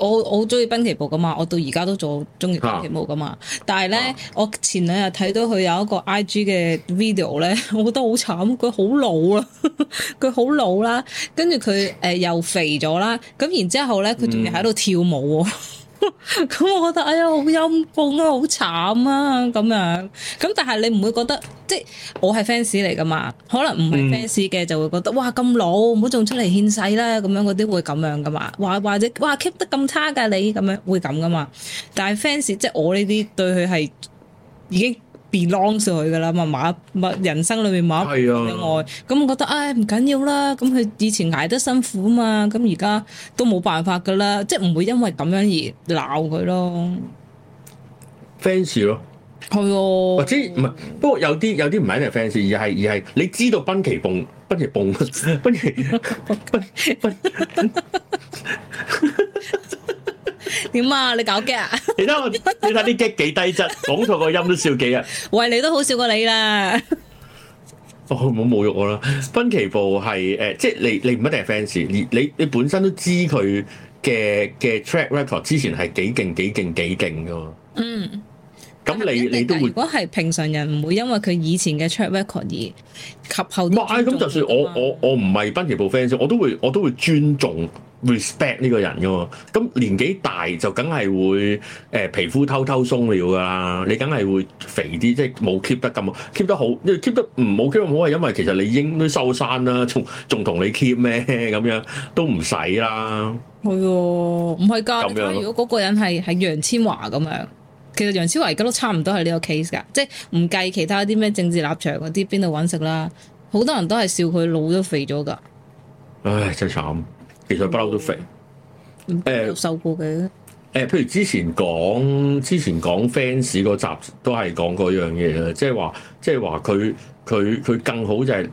我我好中意濱崎步噶嘛，我到而家都仲中意濱崎步噶嘛。啊、但係咧，啊、我前兩日睇到佢有一個 I G 嘅 video 咧，我覺得好慘，佢好老啦，佢 好老啦，跟住佢誒又肥咗啦，咁然之後咧，佢仲要喺度跳舞喎、哦。嗯咁 我覺得哎呀好陰功啊，好慘啊咁樣，咁但係你唔會覺得即係我係 fans 嚟噶嘛，可能唔係 fans 嘅就會覺得，嗯、哇，咁老，唔好仲出嚟獻世啦咁樣，嗰啲會咁樣噶嘛。或或者，哇 keep 得咁差噶，你咁樣會咁噶嘛。但係 fans 即係我呢啲對佢係已經。跌 long 上去噶啦，咪馬 人生裏面另外，咁、啊、覺得唉唔緊要啦，咁佢以前捱得辛苦嘛，咁而家都冇辦法噶啦，即係唔會因為咁樣而鬧佢咯。fans 咯，係哦，或者唔係，不過有啲有啲唔係啲 fans，而係而係你知道奔奇蹦，奔奇蹦，奔奇奔奔。點啊！你搞 gag 啊！ 你睇我，你睇啲 gag 幾低質，講錯個音都笑幾日。 喂，你都好笑過你啦。 哦，好侮辱我啦。分期部係誒，即係你你唔一定係 fans，而你你,你本身都知佢嘅嘅 track record 之前係幾勁幾勁幾勁噶。嗯。咁你你都會，如果係平常人唔會因為佢以前嘅 track record 而及後。唔係，咁就算我我我唔係奔田部 fans，我都會我都會尊重 respect 呢個人噶喎。咁年紀大就梗係會誒皮膚偷偷鬆了噶啦，你梗係會肥啲，即係冇 keep 得咁 keep 得好，因為 keep 得唔好 keep 唔好係因為其實你應該都收山啦，仲仲同你 keep 咩，咁樣都唔使啦。係喎、啊，唔係㗎。咁樣如果嗰個人係係楊千嬅咁樣。其實楊超華而家都差唔多係呢個 case 㗎，即係唔計其他啲咩政治立場嗰啲，邊度揾食啦？好多人都係笑佢老都肥咗㗎。唉，真慘！其實不嬲都肥。唔誒、嗯，受、欸、過嘅。誒、欸，譬如之前講，之前講 fans 嗰集都係講嗰樣嘢，即係話，即係話佢佢佢更好就係、是。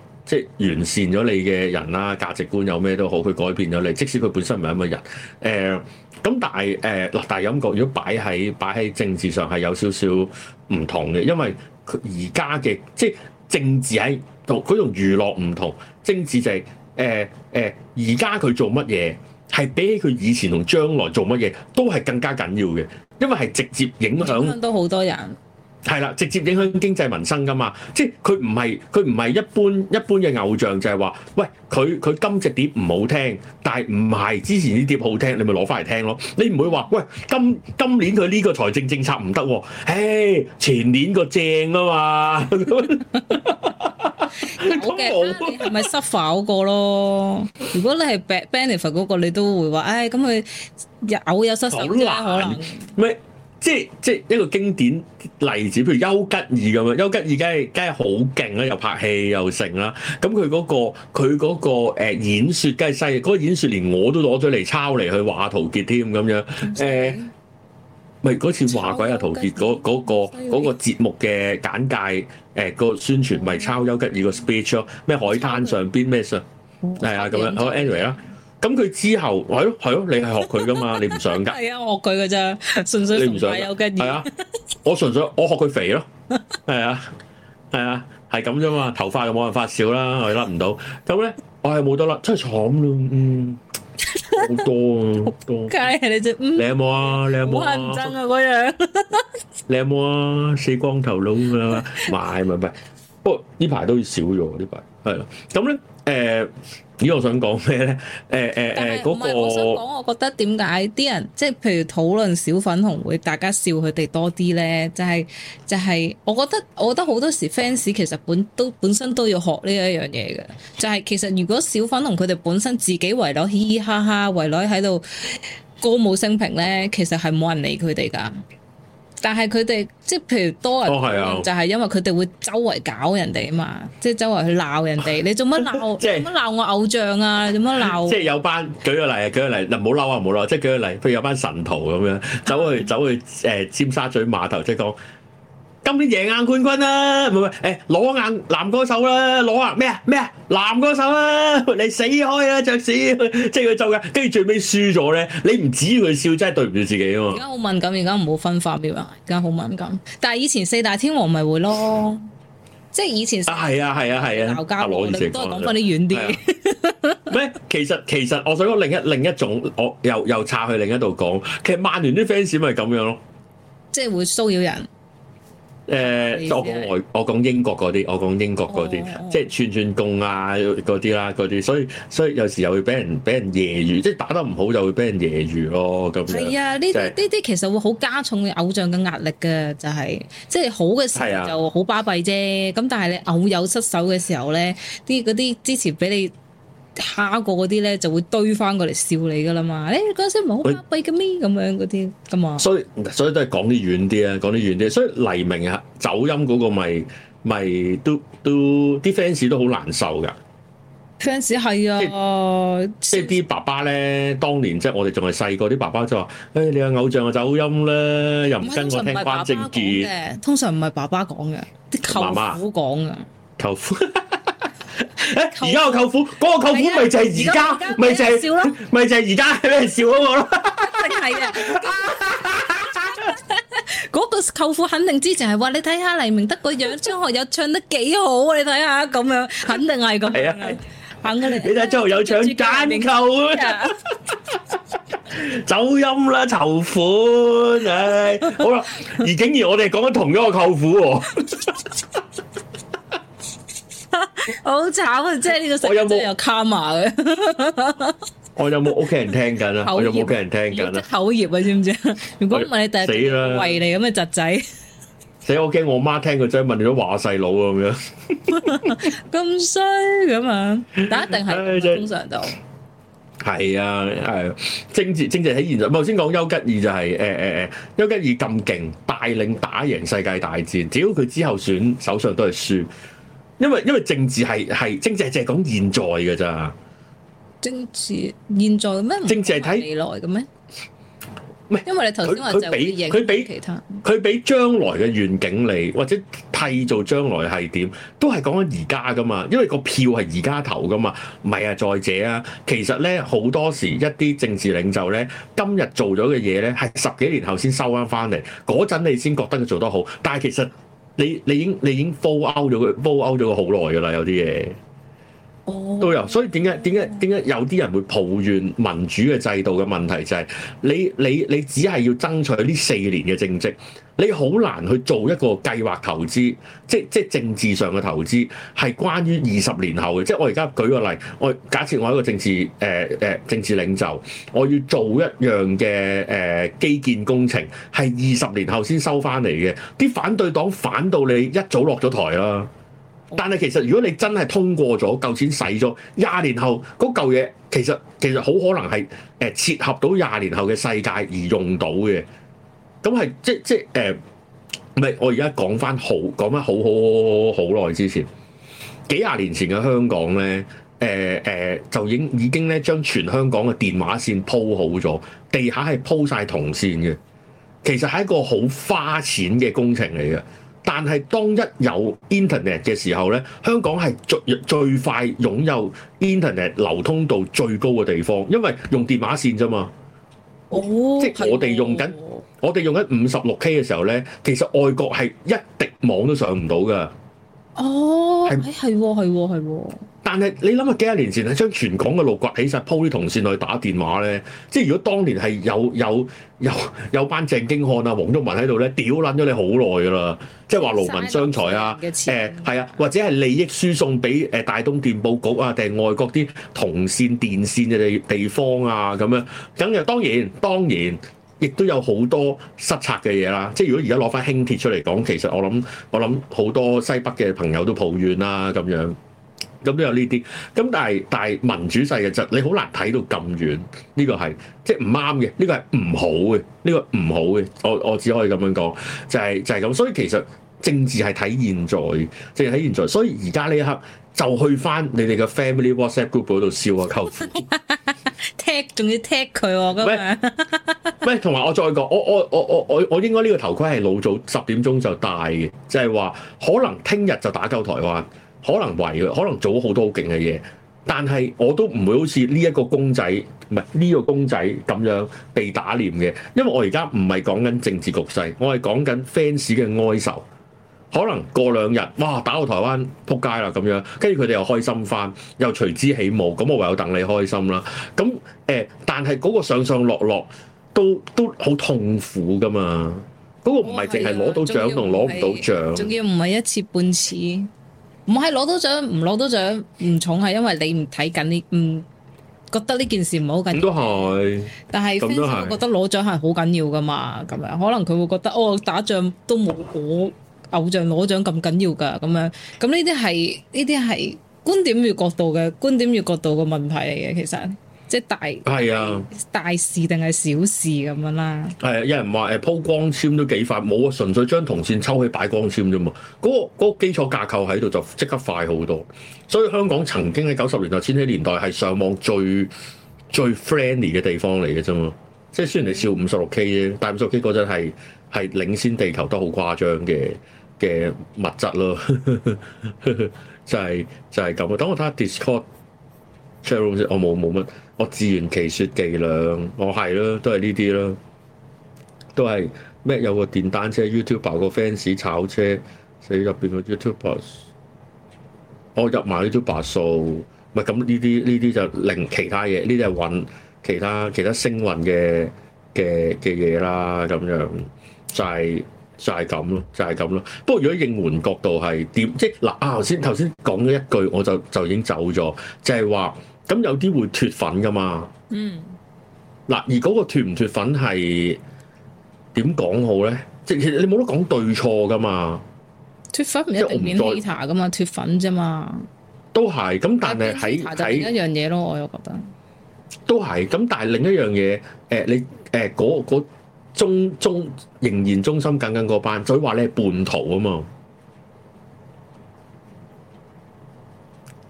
即完善咗你嘅人啦，價值觀有咩都好，佢改變咗你。即使佢本身唔係咁嘅人，誒咁但係，誒，但係感覺如果擺喺擺喺政治上係有少少唔同嘅，因為佢而家嘅即政治喺度，佢同娛樂唔同，政治就係、是，誒、呃、誒，而家佢做乜嘢係比起佢以前同將來做乜嘢都係更加緊要嘅，因為係直接影響都好多人。係啦，直接影響經濟民生㗎嘛，即係佢唔係佢唔係一般一般嘅偶像，就係話，喂，佢佢今隻碟唔好聽，但係唔係之前啲碟好聽，你咪攞翻嚟聽咯。你唔會話，喂，今今年佢呢個財政政策唔得、啊，唉，前年個正啊嘛。 有嘅的，有看看你係咪 suffer 嗰個咯？ 如果你係 benefit 嗰、那個，你都會話，唉、哎，咁佢又偶有失手難可能咩？即係即係一個經典例子，譬如丘吉爾咁樣，丘吉爾梗係梗係好勁啦，又拍戲又成啦。咁佢嗰個佢嗰個演説梗係犀利，嗰、嗰個、演説連我都攞咗嚟抄嚟去話陶傑添咁樣誒，咪、欸、嗰、欸、次話鬼啊陶傑嗰、嗰、嗰、個嗰個嗰個節目嘅簡介誒、欸嗰個宣傳咪抄丘吉爾個 speech 咯，咩海灘上邊咩術係啊咁樣，好 anyway 啦。咁佢 之後，係咯，係咯，你係學佢噶嘛？你唔想㗎？係啊，我學佢嘅咋，純粹唔係有嘅。係啊，我純粹我學佢肥咯，係啊，係啊，係咁啫嘛。頭髮又冇辦法少啦，我甩唔到。咁咧，我係冇得甩，真係慘咯。嗯，好多好多。介係你你有冇啊？你有冇啊？好認真啊！嗰樣你有冇啊？死光頭佬啊！唔係唔係，不過呢排都少咗啲排，係咯。咁咧，誒。咦，我想講咩咧？誒誒誒，唔係我想講，我覺得點解啲人即係譬如討論小粉紅會，大家笑佢哋多啲咧？就係、就係，我覺得我覺得好多時 fans 其實本都本身都要學呢一樣嘢嘅。就係其實如果小粉紅佢哋本身自己圍咗嘻嘻哈哈，圍咗喺度歌舞升平咧，其實係冇人理佢哋噶。但係佢哋即係譬如多人，啊、哦，就係因為佢哋會周圍搞人哋啊嘛，即係周圍去鬧人哋。你做乜鬧？你做乜鬧我偶像啊？你做乜鬧？即係有班舉個例，舉個例嗱，唔好嬲啊，唔好嬲，即係舉個例，譬如有班神徒咁樣走去走去誒、呃、尖沙咀碼頭即係講。 今年贏硬冠軍、啊、啦，唔攞、欸、硬男歌手啦、啊，攞啊咩啊咩啊男歌手啦、啊，你死開啦、啊，爵士，即係佢走嘅，跟住最尾輸咗咧，你唔指佢笑，真係對唔住自己啊。而家好敏感，而家唔好分化，咩啊，而家好敏感。但係以前四大天王咪會咯， 即係以前係啊係啊係啊鬧交，令、啊啊啊、我講翻啲遠啲。咩、啊？啊啊、 其實其實我想講另一另一種，我又又插去另一度講，其實曼聯啲 fans 咪咁樣咯，即係會騷擾人。誒、呃啊，我講外，我講英國嗰啲，我講英國嗰啲，即係串串貢啊，嗰啲啦，嗰啲，所以所以有時又會俾人俾人揶揄，即係打得唔好就會俾人揶揄咯，咁。係啊，呢啲呢啲其實會好加重你偶像嘅壓力嘅，就係、是、即係好嘅時候就好巴閉啫，咁、啊、但係你偶有失手嘅時候咧，啲嗰啲之前俾你。蝦過嗰啲咧，就會堆翻過嚟笑你噶啦嘛！誒嗰陣時唔係好巴閉嘅咩？咁樣嗰啲噶嘛？所以所以都係講啲遠啲啊，講啲遠啲，所以黎明啊，走音嗰個咪咪都都啲 fans 都好難受噶。fans 係啊，即係啲爸爸咧，當年即係我哋仲係細個，啲爸爸就話，誒你嘅偶像嘅走音啦，又唔跟我聽關正傑。通常唔係爸爸講嘅，啲舅父講嘅。舅父。誒，而家個舅父，嗰個舅父咪就係而家，咪就係咪就係而家俾人笑嗰個咯。正係嘅，嗰個舅父肯定之前係話你睇下黎明得個樣，張學友唱得幾好啊！你睇下咁樣，肯定係咁。係啊，係，肯定係。你睇張學友唱緊夠啊！走音啦，籌款，唉，好啦，而竟然我哋講緊同一個舅父喎。 好炒啊！即係呢個世界又 c 有卡 m a 嘅。 我有冇屋企人聽緊啊？業我有冇屋企人聽緊啊？口業啊，知唔知？如果唔係你第我死啦了，維你咁嘅侄仔。死！我驚我媽聽佢真係你都話細佬啊，咁樣咁衰咁樣。但一定係，就是，通常就係啊，係政治政治喺現實。頭先講丘吉爾就係誒誒誒，丘、呃呃呃、吉爾咁勁，帶領打贏世界大戰。只要佢之後選首相都係輸。因為因為政治係係政治係淨係講現在嘅咋，政治現在嘅咩？政治係睇未來嘅咩？唔係，因為你頭先話俾佢俾其他，佢俾將來嘅願景你，或者替做將來係點，都係講緊而家噶嘛。因為個票係而家投噶嘛。唔係啊，再者啊，其實咧好多時一啲政治領袖咧，今日做咗嘅嘢咧，係十幾年後先收翻翻嚟，嗰陣你先覺得佢做得好，但係其實。你你已經你已經 full out 咗佢 full out 咗佢好耐㗎啦，有啲嘢哦都有。所以點解點解點解有啲人會抱怨民主嘅制度嘅問題，就係你你你只係要爭取呢四年嘅政績。你好難去做一個計劃投資，即即政治上嘅投資係關於二十年後嘅。即我而家舉個例，我假設我係一個政治誒誒、呃呃、政治領袖，我要做一樣嘅誒、呃、基建工程，係二十年後先收翻嚟嘅。啲反對黨反到你一早落咗台啦。但係其實如果你真係通過咗，夠錢使咗廿年後嗰嚿嘢，其實其實好可能係誒、呃、切合到廿年後嘅世界而用到嘅。咁係、 嗯、即即誒，唔、呃、係我而家講翻好講翻好好好好耐之前，幾廿年前嘅香港咧，誒、呃、誒、呃、就已經已經咧將全香港嘅電話線鋪好咗，地下係鋪晒銅線嘅。其實係一個好花錢嘅工程嚟嘅，但係當一有 internet 嘅時候咧，香港係最最快擁有 internet 流通度最高嘅地方，因為用電話線啫嘛。哦、即係我哋用緊，啊、我哋用緊五十六 K 嘅時候咧，其實外國係一滴網都上唔到㗎。哦，係係係係。哎但係你諗下幾多年前係將全港嘅路掘起晒，鋪啲銅線去打電話咧，即係如果當年係有有有有班鄭經漢啊、黃毓民喺度咧，屌撚咗你好耐㗎啦，即係話勞民傷財啊，誒係、呃、啊，或者係利益輸送俾誒大東電報局啊，定係外國啲銅線電線嘅地地方啊咁樣，咁又當然當然亦都有好多失策嘅嘢啦。即係如果而家攞翻輕鐵出嚟講，其實我諗我諗好多西北嘅朋友都抱怨啦咁樣。咁都有呢啲，咁但係但係民主制嘅就你好難睇到咁遠，呢、這個係即係唔啱嘅，呢、就是這個係唔好嘅，呢、這個唔好嘅，我我只可以咁樣講，就係、是、就係、是、咁。所以其實政治係睇現在，淨係睇現在。所以而家呢一刻就去翻你哋嘅 family WhatsApp group 嗰度笑啊溝，tag 仲 要 tag 佢喎咁樣。喂、那個，同 埋我再講，我我我我我我應該呢個頭盔係老早十點鐘就戴嘅，就係、是、話可能聽日就打鳩台灣。可能為佢，可能做好多好勁嘅嘢，但係我都唔會好似呢一個公仔，唔係呢個公仔咁樣被打臉嘅。因為我而家唔係講緊政治局勢，我係講緊 fans 嘅哀愁。可能過兩日，哇，打到台灣撲街啦咁樣，跟住佢哋又開心翻，又隨之起舞。咁我唯有等你開心啦。咁誒，但係嗰個上上落落都都好痛苦噶嘛。嗰個唔係淨係攞到獎同攞唔到獎，仲要唔係一次半次。唔係攞到獎，唔攞到獎唔重，係因為你唔睇緊呢，唔覺得呢件事唔好緊要。咁都係，但係咁都係覺得攞獎係好緊要噶嘛？咁樣可能佢會覺得哦，打仗都冇我偶像攞獎咁緊要噶咁樣。咁呢啲係呢啲係觀點與角度嘅觀點與角度嘅問題嚟嘅，其實。即係大係啊，大事定係小事咁樣啦。係啊，有人話誒鋪光纖都幾快，冇啊，純粹將銅線抽起擺光纖啫嘛。嗰、嗰個嗰個基礎架構喺度就即刻快好多。所以香港曾經喺九十年代、千禧年代係上網最最 friendly 嘅地方嚟嘅啫嘛。即係雖然你笑五十六 K 啫，但五十六 K 嗰陣係係領先地球得好誇張嘅嘅物質咯， 就係、係、就係咁啊。等我睇下 Discord chat r o、哦、o 先，我冇冇乜。我自圓其説伎倆，我係咯、啊，都係呢啲咯，都係咩有個電單車 YouTuber 個 fans 炒車，死以入邊個 YouTube，我入埋 YouTuber 數，咪咁呢啲呢啲就令其他嘢，呢啲係運其他其他星運嘅嘅嘅嘢啦，咁樣就係就係咁咯，就係咁咯。不過如果應援角度係點，即嗱啊頭先頭先講咗一句，我就就已經走咗，就係話。咁有啲會脫粉噶嘛？嗯，嗱，而嗰個脫唔脫粉係點講好咧？即係其實你冇得講對錯噶嘛。脫粉唔一定變 data 噶嘛，脫粉啫嘛。都係咁，但係喺第一樣嘢咯，我又覺得都係咁，但係另一樣嘢，誒、呃、你誒嗰嗰中中仍然中心緊緊嗰班，所以話你係叛徒啊嘛。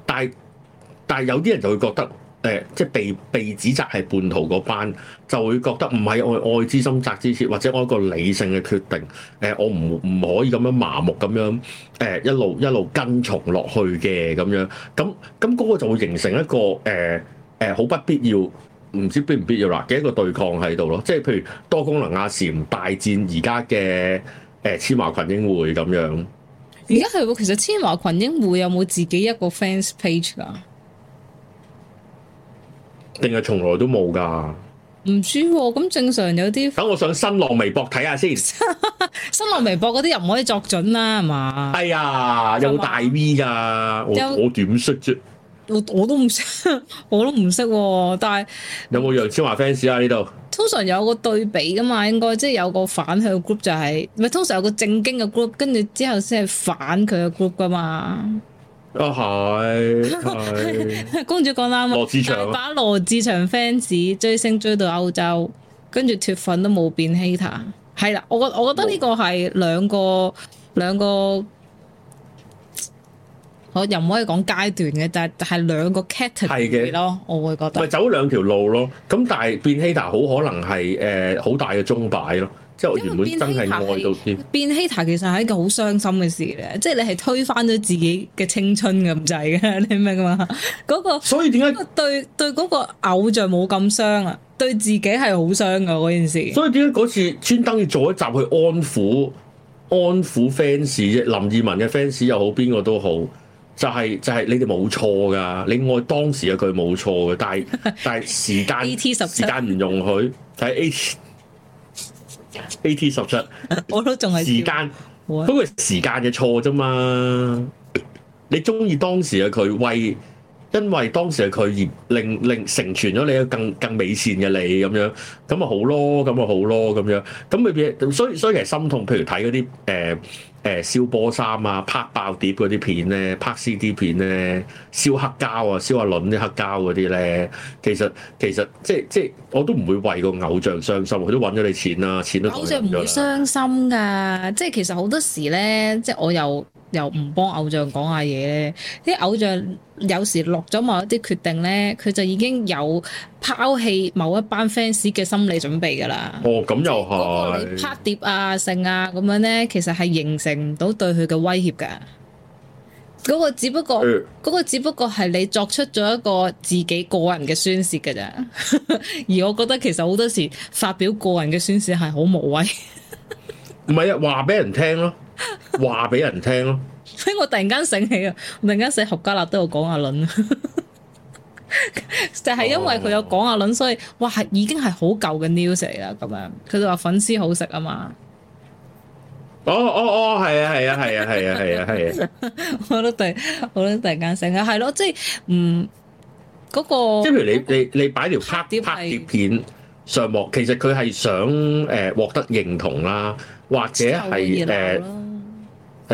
但係。但係有啲人就會覺得，誒、呃，即係被被指責係叛徒嗰班，就會覺得唔係愛愛之心責之切，或者我一個理性嘅決定，誒、呃，我唔唔可以咁樣麻木咁樣，誒、呃，一路一路跟從落去嘅咁樣，咁咁嗰個就會形成一個誒誒好不必要，唔知必唔必要啦嘅一個對抗喺度咯，即係譬如多功能亞視唔大戰而家嘅誒千華群英會咁樣。而家係喎，其實千華群英會有冇自己一個 fans page 㗎？定係從來都冇㗎？唔知喎、哦，咁正常有啲。等我上新浪微博睇下先。 新浪微博嗰啲又唔可以作準啦，係嘛？係啊、哎呀，吧有冇大 V 㗎，我有我點識啫？我我都唔識，我都唔識喎。但係有冇楊千嬅 fans 啊？呢度通常有個對比㗎嘛，應該即係有個反向 group 就係、是，咪通常有個正經嘅 group，跟住之後先係反佢嘅 group 㗎嘛。啊，係、哦、 公主，講啱羅志祥，大把羅志祥 fans 追星追到歐洲，跟住脫粉都冇變 hater，係啦。我覺我覺得呢個係兩個兩個，我又唔可以講階段嘅，但係係兩個 category 咯。我會覺得咪走兩條路咯。咁但係變 hater 好可能係誒好大嘅鐘擺咯。即我原本真係愛到因為變希塔變希塔其實係一個好傷心嘅事嚟，即係你係推翻咗自己嘅青春咁滯嘅，你明唔明嘛？嗰、 嗰個所以點解對對嗰個偶像冇咁傷啊？對自己係好傷噶嗰件事。所以點解嗰次專登要做一集去安撫安撫 fans 林二汶嘅 fans 又好，邊個都好，就係、是、就係、是、你哋冇錯噶，你愛當時嘅佢冇錯嘅，但係 但係時間 t 十時間唔容許睇 h。A T 十七，我都仲係時間，不過時間嘅錯啫嘛。你中意當時嘅佢，為因為當時嘅佢而令令成全咗你更更美善嘅你咁樣，咁咪好咯，咁咪好咯咁樣。咁未必，所以所以其實心痛。譬如睇嗰啲誒。誒、欸、燒波衫啊，拍爆碟嗰啲片咧，拍 CD 片咧，燒黑膠啊，燒阿倫啲黑膠嗰啲咧，其實其實即即我都唔會為個偶像傷心，佢都揾咗你錢啦、啊，錢都攤咗啦，偶像唔會傷心㗎，即係其實好多時咧，即係我又。又唔幫偶像講下嘢，啲偶像有時落咗某一啲決定咧，佢就已經有拋棄某一班 fans 嘅心理準備噶啦。哦，咁又係。拍碟啊、性啊咁樣咧，其實係形成唔到對佢嘅威脅噶。嗰個只不過，嗰、嗯、個只不過係你作出咗一個自己個人嘅宣洩噶咋。 而我覺得其實好多時發表個人嘅宣洩係好無謂 。唔係啊，話俾人聽咯。話俾人聽咯，所以我突然間醒起啊，突然間食合家樂都有講阿倫，就係因為佢有講阿倫，所以哇係已經係好舊嘅 news 嚟啦。咁樣佢就話粉絲好食啊嘛。哦哦哦，係啊係啊係啊係啊係啊係啊，我都突然，我都突然間醒啊，係咯，即係嗯，嗰個即係譬如你你你擺條拍碟拍碟片上網，其實佢係想誒獲得認同啦，或者係誒。誒係、嗯、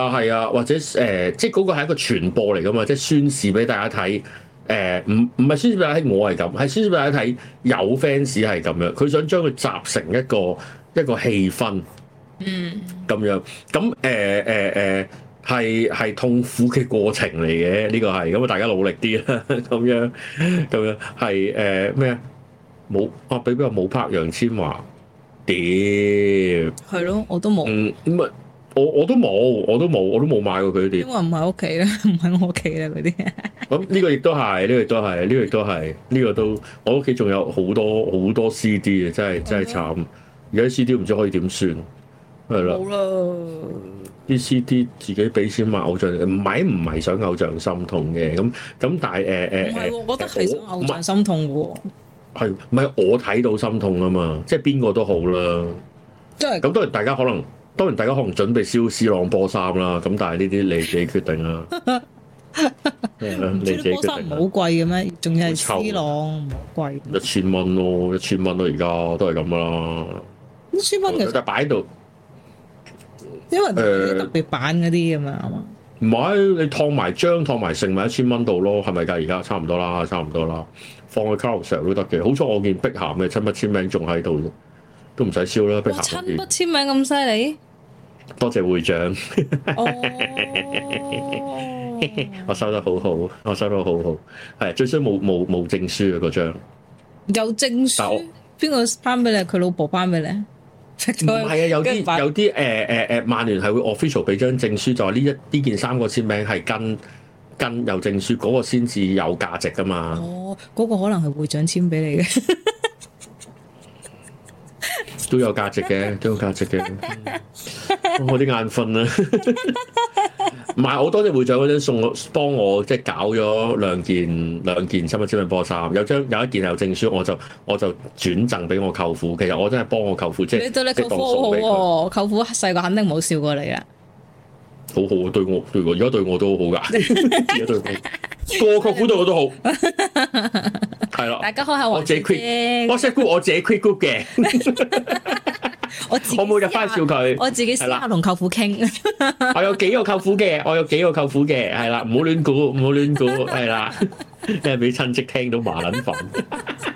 啊係啊，或者誒、呃，即係嗰個係一個傳播嚟㗎嘛，即係宣示俾大家睇。誒唔唔係宣示俾大家睇，我係咁，係宣示俾大家睇有 fans 係咁樣，佢想將佢集成一個一個氣氛，嗯，咁樣咁誒誒誒係係痛苦嘅過程嚟嘅，呢、這個係咁啊，大家努力啲啦，咁樣咁樣係誒咩？冇、呃、啊！邊邊個冇拍楊千嬅？點係咯？我都冇咁啊！我都冇，我都冇，我都冇買過佢啲。因為唔喺屋企咧，唔喺我屋企咧，嗰啲。咁 呢、嗯這個亦都係，呢、這個亦都係，呢、這個亦都係，呢、這個都我屋企仲有好多好多 CD 嘅，Okay. 真係真係慘。而家 CD 唔知可以點算，係啦。冇啦。啲、嗯、CD 自己俾錢買偶像，唔係唔係想偶像心痛嘅，咁咁但係誒誒，唔、呃是呃、我覺得係想偶像心痛嘅喎。係唔係我睇到心痛啊嘛？即係邊個都好啦。即係咁，當然大家可能。當然大家可能準備燒斯朗波衫啦，咁但係呢啲你自己決定啦。咩咧？你自唔好 貴嘅咩？仲要係斯朗貴一千蚊咯，一千蚊咯，而家都係咁噶啦。一千蚊其實擺喺度，因為誒特別版嗰啲咁啊嘛。唔係不嗎你燙埋章，燙埋剩咪一千蚊度咯？係咪㗎？而家差唔多啦，差唔多啦。放去卡路士上都得嘅。好彩我見碧咸嘅親筆簽名仲喺度都唔使燒啦。碧咸嘅親筆簽名咁犀利。多謝會長 ，oh. 我收得好好，我收得好好，係最衰冇冇冇證書啊嗰張，有證書，邊個頒俾你？佢老婆頒俾你？唔係啊，有啲有啲誒誒誒，曼、呃呃、聯係會 official 俾張證書，就係呢一呢件衫個簽名係跟跟郵證書嗰、嗰個先至有價值噶嘛。哦，嗰個可能係會長簽俾你嘅 ，都有價值嘅，都有價值嘅。我啲眼瞓啊， 唔係我多謝會長嗰陣送我，幫我即係搞咗兩件兩件新質超人波衫，有張有一件有證書，我就我就轉贈俾我舅父。其實我真係幫我舅父，即係你對你舅父好，啊。好我舅父細個肯定冇笑過你啊。好好對我對我而家對我都好噶，而家 對我，個，個舅父對我都好。係啦 了，大家好，係我自己，我識估我自己 quick good 嘅。 我我冇入翻笑佢，我自己私下同舅父傾啦 我有幾個舅父嘅，我有幾個舅父嘅，係啦，唔好亂估，唔好亂估，係啦，你俾親戚聽到麻捻煩，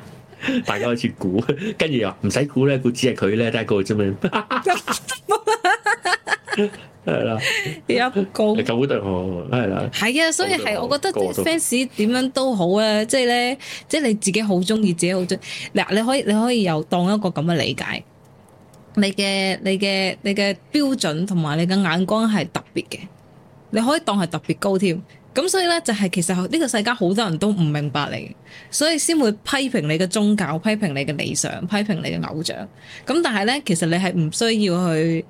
大家開始估，跟住又唔使估咧，估只係佢咧，睇下個啫嘛，係 啦，一個舅父對我係啦，係啊，所以係我覺得啲 fans 點樣都好啊，即係咧，即係你自己好中意，自己好中，嗱，你可以你可以又當一個咁嘅理解。你嘅你嘅你嘅標準同埋你嘅眼光係特別嘅，你可以當係特別高添。咁所以呢，就係其實呢個世界好多人都唔明白你，所以先會批評你嘅宗教，批評你嘅理想，批評你嘅偶像。咁但係呢，其實你係唔需要去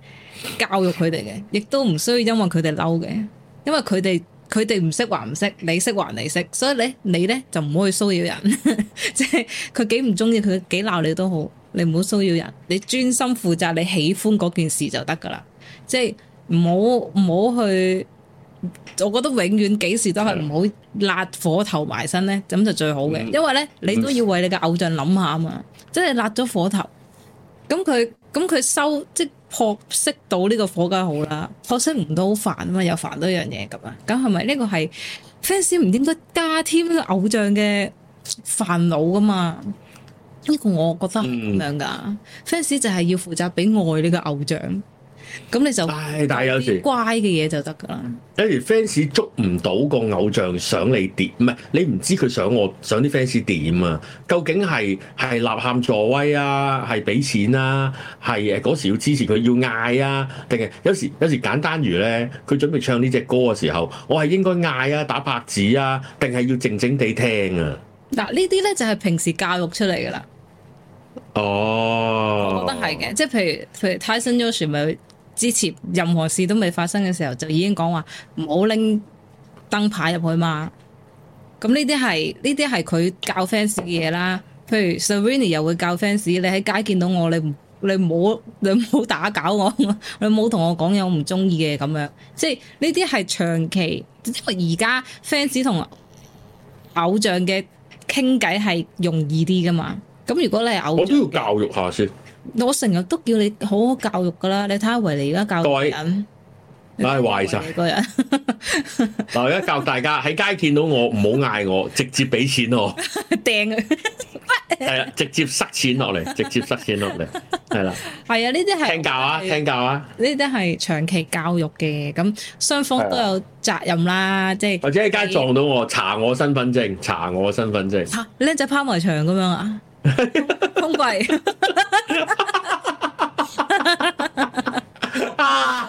教育佢哋嘅，亦都唔需要因為佢哋嬲嘅，因為佢哋佢哋唔識話唔識，你識話你識。所以你你咧就唔好去騷擾人，即係佢幾唔中意佢幾鬧你都好。你唔好騷擾人，你專心負責你喜歡嗰件事就得噶啦。即係唔好唔好去，我覺得永遠幾時都係唔好焫火頭埋身咧，咁就最好嘅。因為咧，你都要為你嘅偶像諗下啊嘛。即係焫咗火頭，咁佢咁佢收即係撲熄到呢個火梗好啦，撲熄唔到好煩啊嘛，又煩到一樣嘢咁啊。咁係咪呢個係 fans 唔應該加添偶像嘅煩惱噶嘛？呢個我覺得係咁樣噶，fans、嗯、就係要負責俾愛呢個偶像，咁、哎、你就，但係有時有乖嘅嘢，就得噶啦。例如 fans 捉唔到個偶像想你點，唔係你唔知佢想我，想啲 fans 點啊？究竟係係吶喊助威啊，係俾錢啊，係誒嗰時要支持佢要嗌啊？定係有時有時簡單如咧，佢準備唱呢隻歌嘅時候，我係應該嗌啊打拍子啊，定係要靜靜地聽啊？嗱，呢啲咧就係平時教育出嚟噶啦。哦，oh，我覺得係嘅，即係譬如譬如 Tyson Yoshi 咪之前任何事都未發生嘅時候就已經講話唔好拎燈牌入去嘛，咁呢啲係呢啲係佢教 fans 嘅嘢啦。譬如 Serrini 又會教 fans，你喺街見到我，你你唔好你唔好打攪我， 你唔好同我講嘢，我唔中意嘅咁樣，即係呢啲係長期，因為而家 fans 同偶像嘅傾偈係容易啲噶嘛。咁如果你係我都要教育下先，我成日都叫你好好教育噶啦，你睇下維尼而家教育人，咪係壞晒個人，我而家教大家喺街見到我唔好嗌我，直接俾錢我掟佢，係啊，直接塞錢落嚟，直接塞錢落嚟，係啦，係啊，呢啲係聽教啊，聽教啊，呢啲係長期教育嘅，咁雙方都有責任啦，即係或者喺街撞到我，查我身份證，查我身份證，嚇，僆仔拋埋牆咁樣啊！高貴 啊！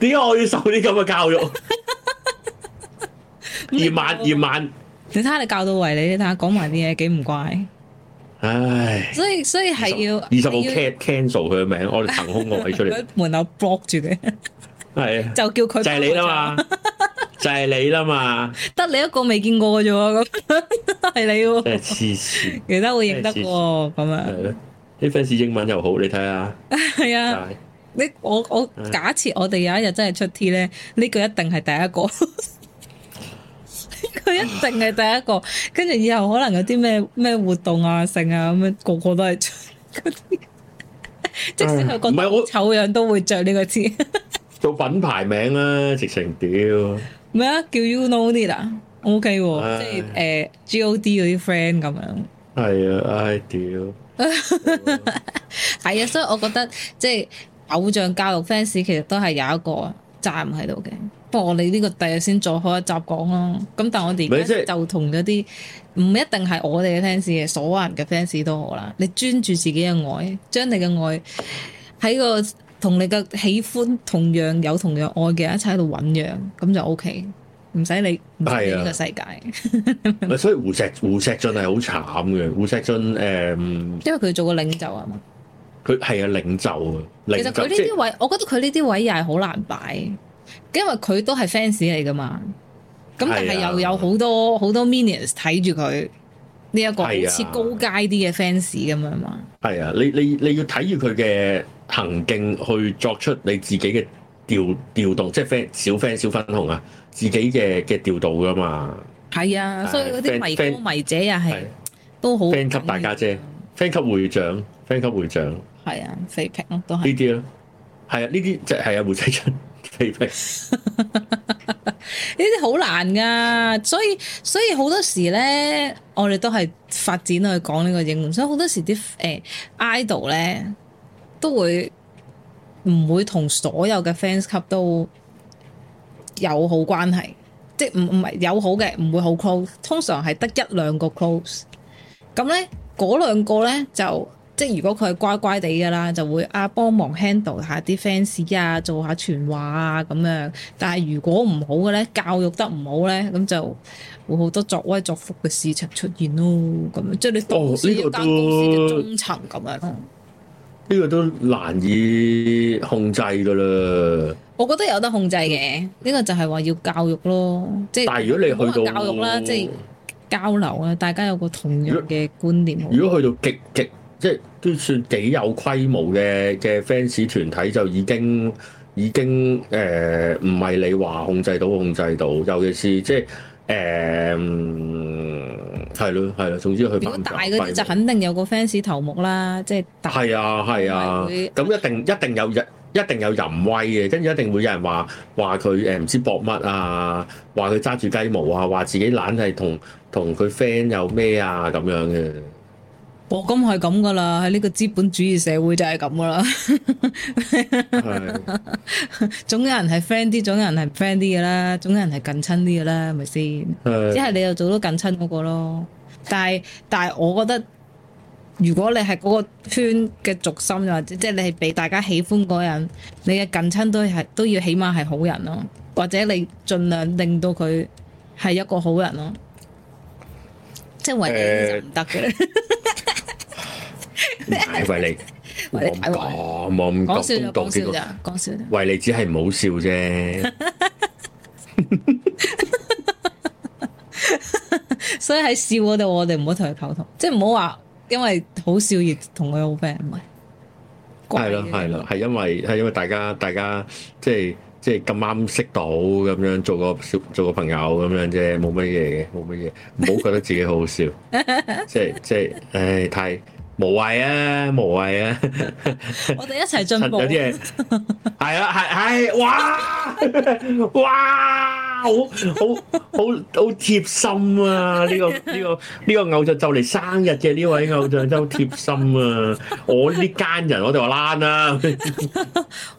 點解我要受啲咁嘅教育？二萬二萬， 晚你睇下你教到位，你睇下講埋啲嘢幾唔乖。怪唉所，所以所以係要二十號 cancel 佢嘅名，我哋騰空個位出嚟， 門口 block 住嘅。係， 就叫佢就係你啦嘛， 就係你啦嘛，得 你一個未見過嘅啫 你、啊，咁係你，真係黐線，其他會認得嘅咁樣啊。呢啲 fans 英文又好，你睇下，係 啊，對你我我假設我哋有一日真係出 T 咧、啊，呢個一定係第一個， 佢一定係第一個，跟住以後可能有啲咩咩活動啊，剩啊咁樣，個個，個都係出， 即使佢個醜樣都會着呢個 T、哎呦。 做品牌名啦，直情屌咩啊？叫 You Know 呢、okay, 唉呃、o K，即係誒 G O D 嗰啲 friend 咁樣。係啊，唉屌！係 啊， 啊，所以我覺得即係偶像教育 fans 其實都係有一個站喺度嘅。不過我哋呢個第日先做開一集講咯。咁但係我哋就同咗啲唔一定係我哋嘅 fans 嘅所有人嘅 fans 都好啦。你專注自己嘅愛，將你嘅愛喺個。同你嘅喜歡同樣有同樣愛嘅人一齊喺度醞釀，咁就 O K，唔使理唔理呢個世界。 所以胡錫胡錫進係好慘嘅，胡錫進誒，因為佢做個領袖啊嘛，佢係啊領袖啊，領袖，其實佢呢啲位，我覺得佢呢啲位又係好難擺，因為佢都係 fans 嚟噶嘛，咁但係又有好多好多 minions 睇住佢呢一個好似高階啲嘅 fans 咁樣嘛。係啊，你你你要睇住佢嘅。行徑去作出你自己嘅調調動，即係 fans 小 fans 小粉紅啊，自己嘅嘅調度噶嘛。係啊，所以嗰啲迷哥迷者又係都好。fan 級大家姐，fan 級會長，fan 級會長。係啊，飛平都係。呢啲咯，係啊，呢啲就係啊，梅仔春飛平。呢啲好難噶，所以所以好多時咧，我哋都係發展去講呢個應援，所以好多時啲誒 idol 咧。都會唔會同所有嘅 fans 級都有好關係？即係唔，唔係友好嘅，唔會好 close。通常係得一兩個 close。咁咧嗰兩個咧就即係如果佢係乖乖地嘅啦，就會啊幫忙 handle 下啲 fans 啊，做下傳話啊咁樣。但係如果唔好嘅咧，教育得唔好咧，咁就會好多作威作福嘅事情出現咯。咁樣即係你當公司、哦這個、一間公司嘅中層咁樣咯。哦這個嗯呢個都難以控制㗎嘞！我覺得有得控制嘅，呢、嗯、個就係話要教育咯，即係。但係如果你去到教育啦，即係交流啦，大家有個同樣嘅觀念。如果去到極極，即係都算幾有規模嘅嘅 fans 團體，就已經已經誒，唔、呃、係你話控制到控制到，尤其是即係。誒，係咯、嗯，係咯，總之佢大嗰啲就肯定有個 fans 頭目啦，的即係大係啊係啊，咁一定一定有人，一定有淫威嘅，跟住一定會有人話話佢誒唔知博乜啊，話佢揸住雞毛啊，話自己懶係同同佢 friend 有咩啊咁樣嘅。我咁係咁噶啦，喺呢、哦、個資本主義社會就係咁噶啦。總有人係 friend 啲，總有人係 friend 啲嘅啦，總有人係近親啲嘅啦，係咪先？即係你又做到近親嗰個咯。但係但係，我覺得如果你係嗰個圈嘅軸心，或者即係你係被大家喜歡嗰人，你嘅近親都係都要起碼係好人咯，或者你盡量令到佢係一個好人咯，即係為咗唔得嘅。呃 唔係為你，我講冇咁講笑，講笑，為你只係唔好笑啫， 所以喺笑嗰度我哋唔好同佢溝通，即係唔好話因為好笑而同佢好 friend 唔係。係咯係咯，係因為係因為大家大家即係即係咁啱識到咁樣做個小做個朋友咁樣啫，冇乜嘢嘅，冇乜嘢，唔好 覺得自己好好笑，即係 即係，唉，太～太無謂啊，無謂啊！我哋一齊進步。有啲嘢係啊，係係，哇哇，好好好好貼心啊！呢個呢個呢個偶像就嚟生日嘅呢位偶像，真係好貼心啊！我呢啲奸人，我哋話爛啦。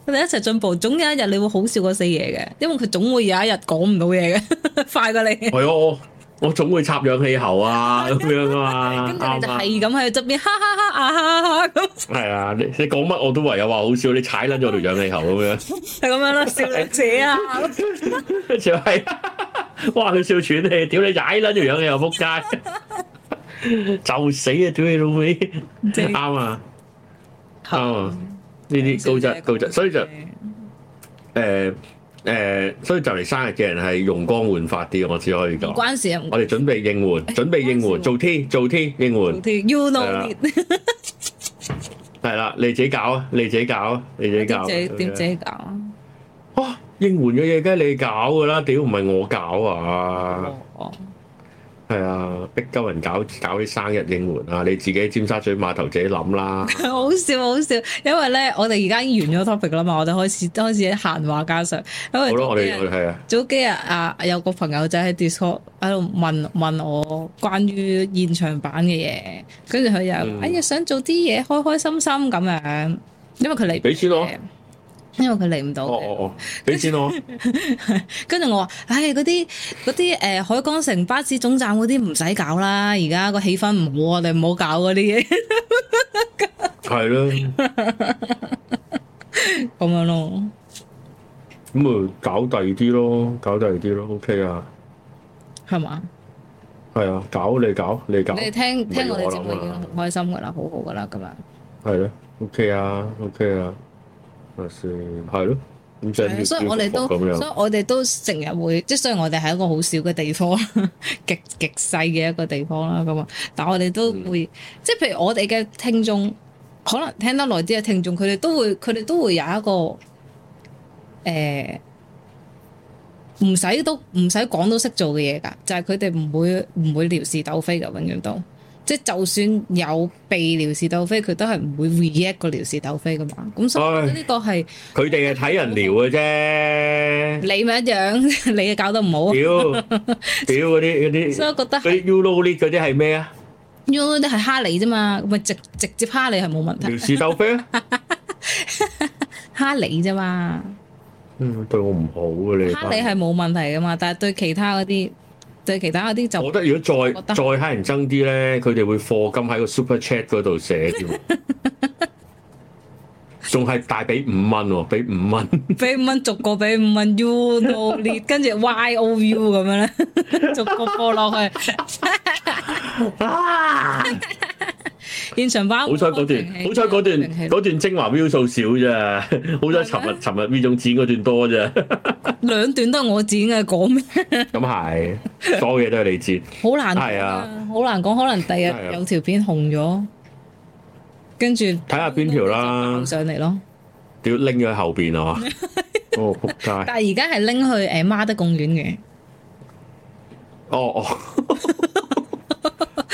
我哋一齊進步，總有一日你會好笑過四爺嘅，因為佢總會有一日講唔到嘢嘅，快過你。係哦。我總會插氧氣喉啊，咁樣噶嘛，咁就係咁喺側邊，哈哈哈啊哈哈咁。係啊，你你講乜我都唯有話好笑，你踩撚咗條氧氣喉咁樣。係咁樣啦，笑者啊，就係，哇！佢笑喘氣，屌你踩撚條氧氣喉，撲 街 四十一，就死啊！屌你老味！即係，啱啊，啱啊，呢啲高質高質，所以就誒。 欸誒、呃，所以就嚟生日嘅人係容光煥發啲，我只可以講。唔關事啊，我哋準備應援，欸、準備應援，做添，做添，應援。You know？係啦了， 你自己搞啊，你自己搞啊，你自己搞、啊。點自，啊、自己搞啊？啊，應援嘅嘢梗係你搞噶啦，屌唔係我搞啊！哦哦。係啊，逼鳩人搞搞啲生日應援啊！你自己尖沙咀碼頭自己諗啦。 好笑好笑，因為咧，我哋而家已經完咗 topic 啦嘛，我哋開始開始喺閒話加上。因為好咯，我哋係啊。早幾日啊，有個朋友仔喺 Discord 喺度問問我關於現場版嘅嘢，跟住佢又、嗯、哎呀想做啲嘢開開心心咁樣，因為佢嚟俾錢咯。因為佢嚟唔到，俾錢我。跟住我話，唉，嗰啲嗰啲誒，海港城巴士總站嗰啲唔使搞啦，而家個氣氛唔好啊，你唔好搞嗰啲嘢。係咯，咁樣咯。咁咪搞第二啲咯，搞第二啲咯，OK 啊。係嘛？係啊，搞你搞你搞，你聽聽我哋節目已經好開心噶啦，好好噶啦，咁樣。係咯，OK 啊，OK 啊。係咯、 嗯，所以我，嗯、所以我哋都，所以我哋都成日會，即係，雖然我哋係一個好少嘅地方，極極細嘅一個地方啦，咁啊，但我哋都會，即係，譬如我哋嘅聽眾，可能聽得耐啲嘅聽眾，佢哋都會，佢哋都會有一個，誒、欸，唔使都唔使講都識做嘅嘢噶，就係佢哋唔會唔會撩事鬥非噶，永遠都。即係就算有被撩事鬥非，佢都係唔會 react 個撩事鬥非噶嘛。咁所以呢個係佢哋係睇人撩嘅啫。你咪一樣，你搞得唔好。屌，屌嗰啲嗰啲。所以我覺得嗰啲 ulolit 嗰啲係咩啊？ulolit 係蝦你啫嘛，咪直直接蝦你係冇問題。撩事鬥非啊！蝦你啫嘛。嗯，對我唔好啊你。蝦你係冇問題噶嘛，但係對其他嗰啲。對其他嗰啲就，我覺得如果再再乞人憎啲咧，佢哋會課金喺個 super chat 嗰度寫添，仲係 大俾五蚊喎，俾五蚊，俾五蚊逐個俾五蚊 u o l，跟住 y o u 咁樣咧，逐個播落去。 啊現場包好彩嗰段，好彩嗰段段精華 view 數少啫，好彩尋日尋日 view 種剪嗰段多啫。兩段都係我剪嘅，講咩？咁係，所有嘢都係你剪，好難，係啊，好難講。可能第日有條片紅咗，跟住睇下邊條啦，上嚟咯，屌拎咗喺後邊啊嘛，哦仆街！但係而家係拎去誒孖德公園嘅，哦哦。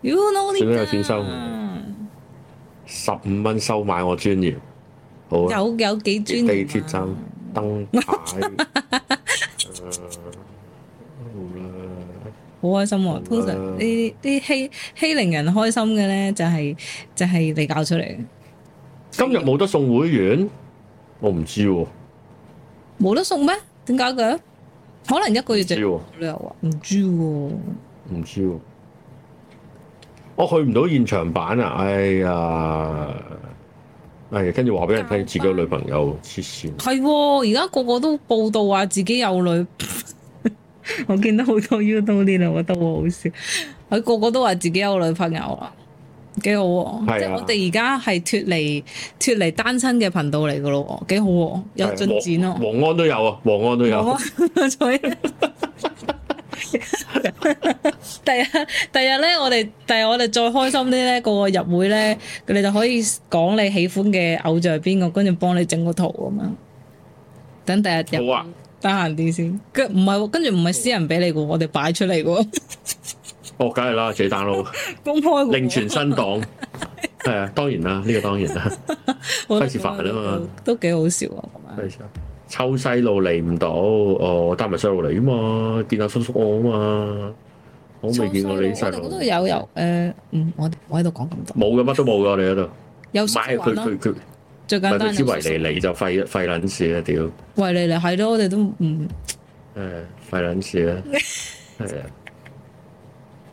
如果嗰啲有錢收，十五蚊收買我專業，好有有幾專業？地鐵站燈牌，好開心。通常啲啲欺欺凌人開心嘅咧，就係就係你教出嚟。今日冇得送會員，我唔知喎。冇得送咩？點解嘅？可能一個月就旅遊啊？唔知喎，唔知喎。我、哦、去唔到現場版啊！哎呀，係跟住話俾人聽自己女朋友黐線。係喎，而家、啊、個個都報道話自己有女， 我見到好多 YouTube 呢，我覺得好好笑。佢個個都話自己有女朋友啊，幾好喎、啊！啊、即係我哋而家係脫離脫離單身嘅頻道嚟嘅咯，幾好喎、啊，有進展咯。黃安都有啊，黃安都有。第日，第日咧，我哋，第我哋再開心啲咧，個個入會咧，佢哋就可以講你喜歡嘅偶像係邊個，跟住幫你整個圖咁樣。等第日日好啊，得閒啲先。佢唔係，跟住唔係私人俾你嘅，我哋擺出嚟嘅。 哦，梗係啦，最大 o w 公開的，令全新檔係啊，當然啦，呢、這個當然啦， 開始煩啊嘛，都幾好笑啊。抽細路嚟唔到，哦，帶埋細路嚟啊嘛，見下叔叔我啊嘛，我未見過你啲細路。我哋有有，誒，嗯，我我喺度講咁多。冇嘅，乜都冇㗎。我哋喺度。有少話咯。買佢佢佢最簡單。你知維尼嚟就廢廢撚事啦，屌！維尼嚟係咯，我哋都唔誒廢撚事啦，係啊。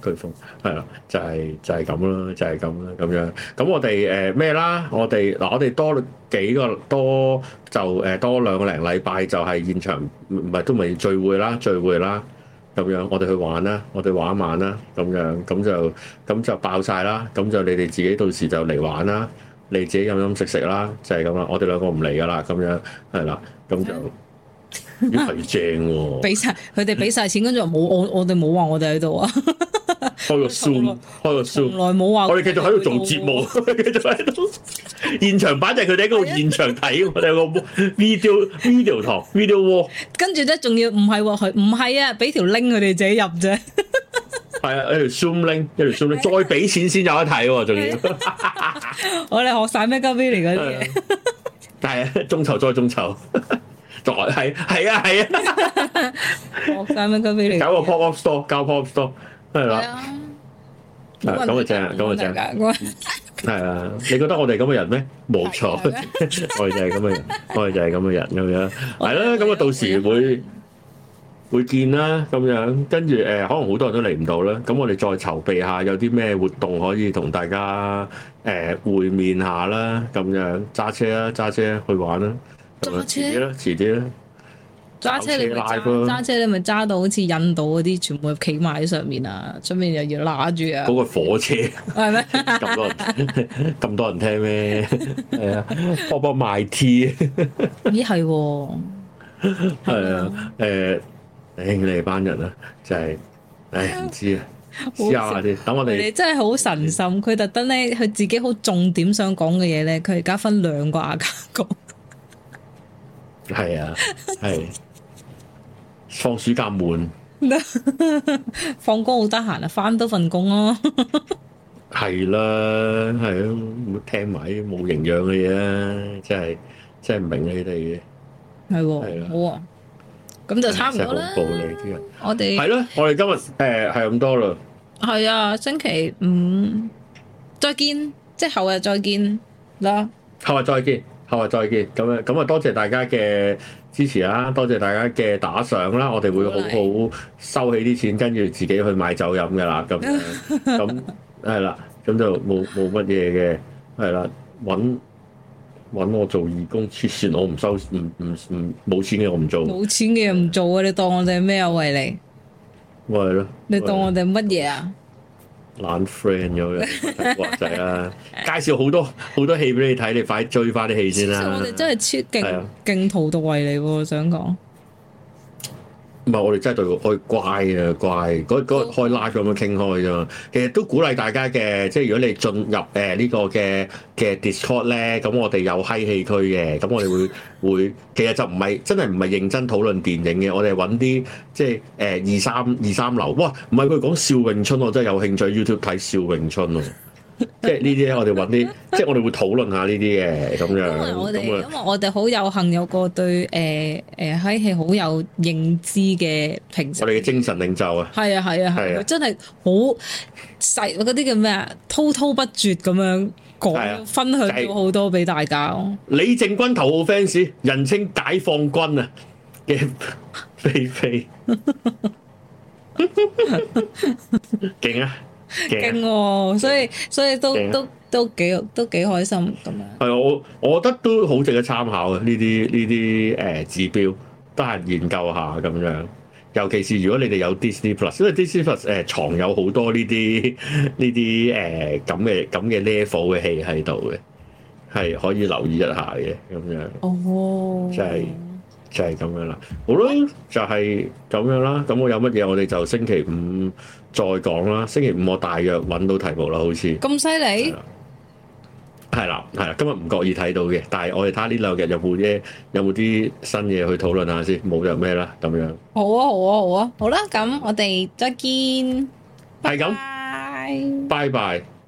颶風係啦，就係、是、就係、是、咁啦，就係、是、咁啦，咁樣咁我哋誒咩啦？我哋嗱、啊、我哋多幾個多就誒多兩個零禮拜就係現場唔唔係都未聚會啦，聚會啦咁樣，我哋去玩啦，我哋玩一晚啦，咁樣咁就咁就爆晒啦，咁就你哋自己到時就嚟玩啦，你自己飲飲食食啦，就係、是、咁啦， 我哋兩個唔嚟噶啦，咁樣係啦，咁就越嚟越正喎，俾晒，佢哋俾晒錢，跟住冇我我哋冇話我哋喺度啊。開個 zoom，開個 zoom，我哋繼續喺度做節目，繼續喺度。現場版就係佢哋喺度現場睇，是啊、我哋個 video video 堂 video 跟住咧，仲要唔係喎？佢唔係啊，俾條 link 佢哋自己入啫。係啊，一條 zoom link，一條 zoom link，是、啊、再俾錢先有得睇，仲要。啊、 我哋學晒咩？i 飛嚟嗰啲。但係、啊、中籌再中籌，再係係啊係啊，啊啊啊嗯、學晒咩？高 e 嚟搞個 pop up store，教 pop up store。係啦，咁啊、嗯、正，咁啊正，係 啊！你覺得我哋咁嘅人咩？冇錯，是是是 我哋就係咁嘅人，我哋就係咁嘅人咁樣。係啦，咁啊，到時會會見啦，咁樣。跟住誒，可能好多人都嚟唔到啦，咁我哋再籌備下，有啲咩活動可以同大家誒、呃、會面下啦，咁樣揸車啦，揸車去玩啦，遲啲啦，遲啲啦。揸車你咪揸，揸車你咪揸到好似印度嗰啲，全部企埋喺上面啊！出面又要拉住啊！嗰個火車，係咩是嗎？咁 多咁多人聽咩？係 啊、哎，幫幫賣 T 咦係喎，係啊誒兄，你哋班人啊，就係唉唔知啊，知 下啲。等我哋 你真係好神心，佢特登咧，佢自己好重點想講嘅嘢咧，佢而家分兩個阿家講，係啊係。放暑假悶， 放工好得閒啊，翻多份工咯。係啦，係啊，聽埋啲冇營養嘅嘢啦，真係真係唔明你哋嘅係喎，係喎，好啊，咁就差唔多啦們。我哋係咯，我哋今日誒係咁多啦。係啊，星期五再見，即係後日再見嗱。後日再見，後日再見，咁樣咁啊！多謝大家嘅。支持啦、啊，多謝大家嘅打賞啦，我哋會好好收起啲錢，跟住自己去買酒飲嘅啦，咁咁係啦，咁 就冇冇乜嘢嘅，係啦，揾、啊、揾我做義工黐線，我唔收，唔唔唔冇錢嘅我唔做，冇錢嘅又唔做啊！你當我哋係咩啊？為你，為咯、啊，你當我哋係乜嘢啊？啊懶 friend 咗嘅， 就係啦、啊。介紹好多好多戲俾你睇，你快追翻啲戲先啦。其實我哋真係超勁勁淘到為你，啊、我想講。唔係 我哋真係對佢開乖啊，怪嗰嗰開 live 咁樣傾開啫。其實都鼓勵大家嘅，即係如果你進入誒、呃這個、呢個嘅嘅 Discord 咧，咁我哋有閪戲區嘅，咁我哋會會其實就唔係真係唔係認真討論電影嘅，我哋揾啲即係誒、呃、二三二三流。哇，唔係佢講邵永春，我真係有興趣 YouTube 睇邵永春啊！即係呢啲咧， 我哋揾啲，即係我哋會討論下呢啲嘅咁樣。咁啊，因為我哋好有幸有個對誒誒喜劇好有認知嘅評審。我哋嘅精神領袖啊。係啊係啊係啊，啊啊真係好細嗰啲叫咩啊？滔滔不絕咁樣講，啊、分享咗好多俾大家。就是、李正軍頭號 fans，人稱解放軍啊嘅菲菲，勁啊！ 秘筆 勁喎，所以所以都怕都都，都幾都幾開心咁樣。係我我覺得都好值得參考嘅呢啲呢啲誒指標，得閒研究下咁樣。尤其是如果你哋有 Disney Plus，因為 Disney Plus 誒、呃、藏有好多呢啲呢啲誒咁嘅咁嘅 level 嘅戲喺度嘅，係可以留意一下嘅咁樣。哦、oh。就是，就係。就係咁樣啦，好啦，就係、是、咁樣啦。咁我有乜嘢，我哋就星期五再講啦。星期五我大約揾到題目啦，好似。咁犀利？係啦，係啦，今日唔覺意睇到嘅，但係我哋睇下呢兩日有冇嘢，有冇啲新嘢去討論下先。冇就咩啦，咁樣好、啊。好啊，好啊，好啊，好啦，咁我哋再見。係咁，拜拜。Bye bye.